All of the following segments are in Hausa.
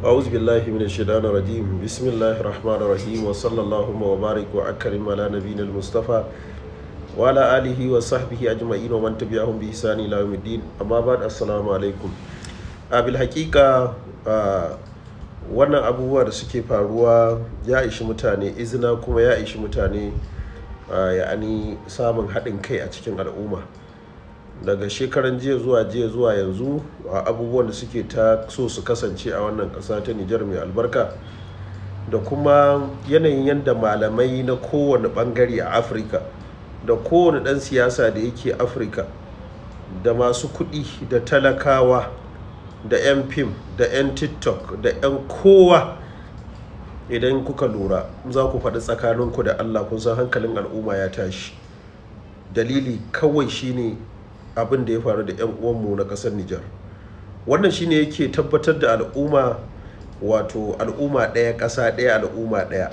ba'uzu billahi min shidana rajim bismillahi rahmanu rahim bariku a karin ma lanabi na mustapha wa ala alihi wa sahbihi a jima'i wa manta biya sani la'umuddin amma ba da assalamu alaikum abil hakika a wannan abubuwa da suke faruwa ya ishi mutane izina kuma ya ishi mutane ya'ani samun haɗin kai a cikin al'umma daga shekaran jiya zuwa jiya zuwa yanzu a abubuwan da suke ta so su kasance a wannan ƙasa ta nijar mai albarka da kuma yanayin yadda malamai na kowane ɓangare a afirka da kowane ɗan siyasa da yake afirka da masu kuɗi da talakawa da 'yan fim da 'yan tiktok da 'yan kowa idan kuka lura za ku faɗi tsakaninku da allah kun san hankalin al'umma ya tashi dalili kawai shine abin da ya faru da 'yan uwanmu na ƙasar Nijar. Wannan shine yake tabbatar da al'umma wato al'umma ɗaya ƙasa ɗaya al'umma ɗaya.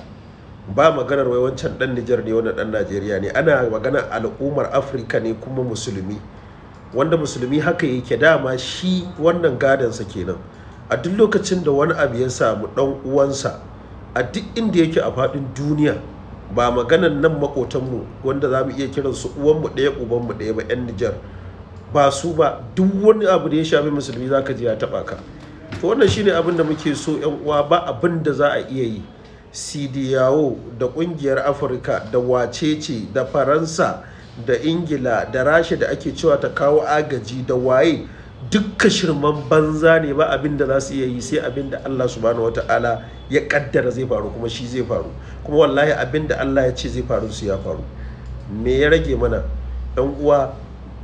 Ba maganar wai wancan ɗan Nijar ne wannan ɗan Najeriya ne ana maganar al'ummar Afirka ne kuma musulmi. Wanda musulmi haka yake dama shi wannan gadansa kenan. A duk lokacin da wani abu ya samu ɗan uwansa a duk inda yake a faɗin duniya ba maganan nan makotanmu wanda za mu iya kiransu uwanmu ɗaya ubanmu ɗaya ba 'yan Nijar ba su ba duk wani abu da ya shafi musulmi za ka ji ya taɓa ka to wannan shine abin da muke so yan uwa ba abin da za a iya yi sidiyawo da ƙungiyar afirka da wacece da faransa da ingila da rasha da ake cewa ta kawo agaji da waye dukka shirman banza ne ba abin da za su iya yi sai abin da Allah subhanahu wata'ala ya kaddara zai faru kuma shi zai faru kuma wallahi abin da Allah ya ce zai faru su ya faru me ya rage mana 'yan uwa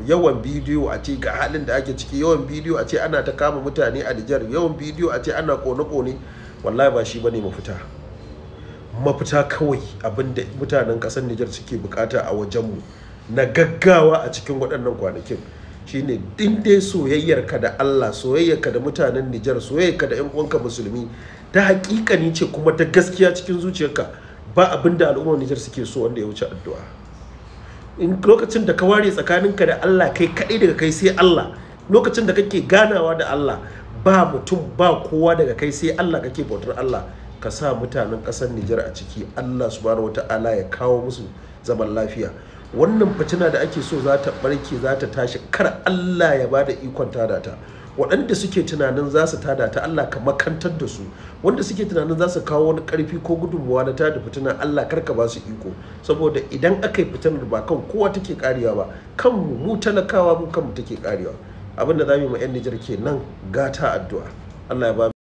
yawan bidiyo a ce ga halin da ake ciki yawan bidiyo a ce ana ta kama mutane a Nijar yawan bidiyo a ce ana kone-kone wallahi ba shi bane mafita mafita kawai abinda mutanen kasar Nijar suke bukata a wajenmu na gaggawa a cikin waɗannan kwanakin shine dindai dai soyayyarka da Allah soyayyarka da mutanen Nijar soyayyarka da 'yan uwanka musulmi ta ni ce kuma ta gaskiya cikin zuciyarka ba abinda al'ummar Nijar suke so wanda ya wuce addu'a in lokacin da ka ware tsakaninka da Allah kai kaɗai daga kai sai Allah lokacin da kake ganawa da Allah ba mutum ba kowa daga kai sai Allah kake bautar Allah ka sa mutanen ƙasar Nijar a ciki Allah subhanahu wata'ala ya kawo musu zaman lafiya wannan fitina da ake so za ta barke za ta tashi kar Allah ya bada ikon tada ta waɗanda suke tunanin za su tada ta Allah ka makantar da su wanda suke tunanin za su kawo wani ƙarfi ko gudunmuwa na tada fitina Allah karka ba su iko saboda idan aka yi fitinar ba kan kowa take karewa ba kanmu mu talakawa mu kanmu take karewa abin da za mu yi ma 'yan Nijar kenan gata addu'a Allah ya ba